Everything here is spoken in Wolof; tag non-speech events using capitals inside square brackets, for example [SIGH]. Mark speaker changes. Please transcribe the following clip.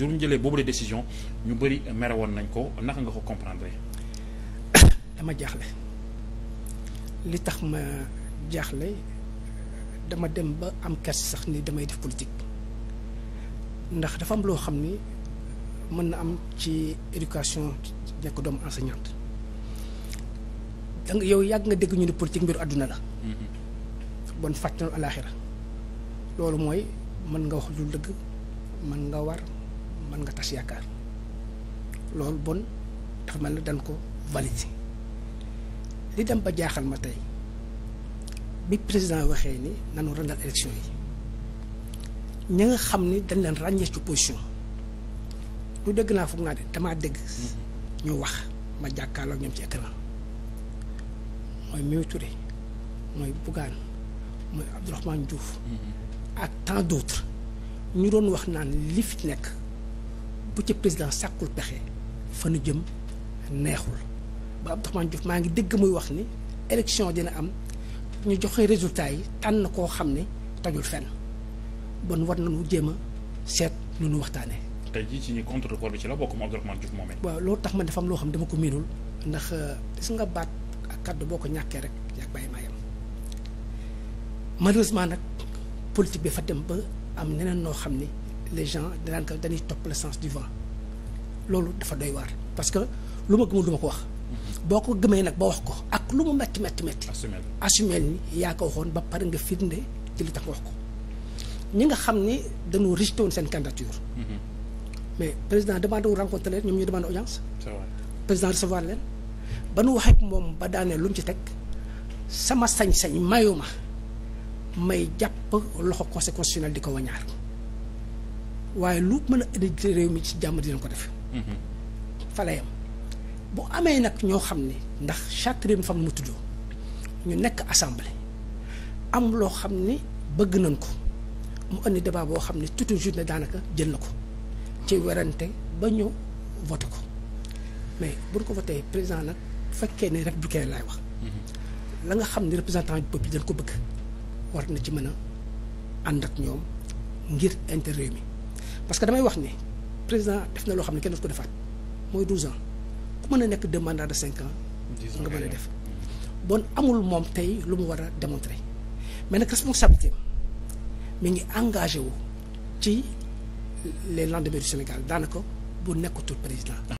Speaker 1: juróom jëlee boobu la décision ñu bari merewoon nañ ko naka nga ko comprendre. [COUGHS] dama jaaxle li tax ma jaaxle dama dem ba am kers sax ni damay def politik ndax dafa am loo xam ni mën na am ci éducation nekk doomu enseignante. danga yow yàgg nga dégg ñu ne politique mbiru àdduna la. Mm-hmm. bon fàttali alaaxira loolu mooy mën nga wax lu dëgg mën nga war. man nga tas yaakaar loolu bon dafa man na dañ ko validé li dem ba jaaxal ma tey bi président waxee ni nanu rendal élection yi ña nga xam ni dañ leen ràññee ci position lu dégg naa foog naa de damaa dégg ñu wax ma jàkkaarloo ak ñoom ci écran mooy Mimi mooy Bougane mooy Abdourahmane Diouf ak temps d'autres ñu doon wax naan li fi nekk bu ci président sàkkul pexe fa nu jëm neexul ba Abdourahmane Diouf maa ngi dégg muy wax ni élection dina am ñu joxe résultat yi tànn koo xam ne tajul fenn bon war nañu jéem a seet nu nu waxtaanee. tey jii ci ñi ci la bokk moom Abdourahmane Diouf waaw loolu tax man defam loo xam ne dama ko miinul ndax euh, gis nga baat ak kàddu boo ko ñàkkee rek yaa bàyyi maa yem malheureusement nag politique bi fa dem ba am neneen noo xam ni. les gens danaan ko dañuy topp le sens du vent loolu dafa doy waar parce que lu ma gëmul du ko wax boo ko gëmee nag ba wax ko ak lu mu metti metti metti assumel ni yaa ko waxoon ba pare nga firnde ci li tax wax ko ñi nga xam ni dañu rejeté woon seen candidature mhm. mais président demandé wu rencontré leen ñoom ñu demandé audience président recevoir leen ba nu waxee moom ba daanee lu mu ci teg sama sañ-sañ mayuma may jàpp loxo conseil constitutionnel di ko wañaar waaye lu mën a indi réew mi ci jàmm dina ko def. fa la bu amee nag ñoo xam ne ndax chaque réew mi fa mu tuddoo ñu nekk assemblée am loo xam ne bëgg nañ ko mu indi débat boo xam ne toute journée daanaka jël na ko ci werante ba ñëw voté ko mais buñ ko voté président nag fekkee ne républicain laay wax. la nga xam ne représentant du peuple ko bëgg war na ci mën a ànd ak ñoom ngir intérêt mi. parce que damay wax ni président def na loo xam ne kenn daf ko defaat mooy 12 ans ku mën a nekk deux de cinq ans. nga mën a def bon amul moom tey lu mu war a démontrer mais nag responsabilité mi ngi engagé wu ci les lendemains du Sénégal daanaka bu nekkatul président.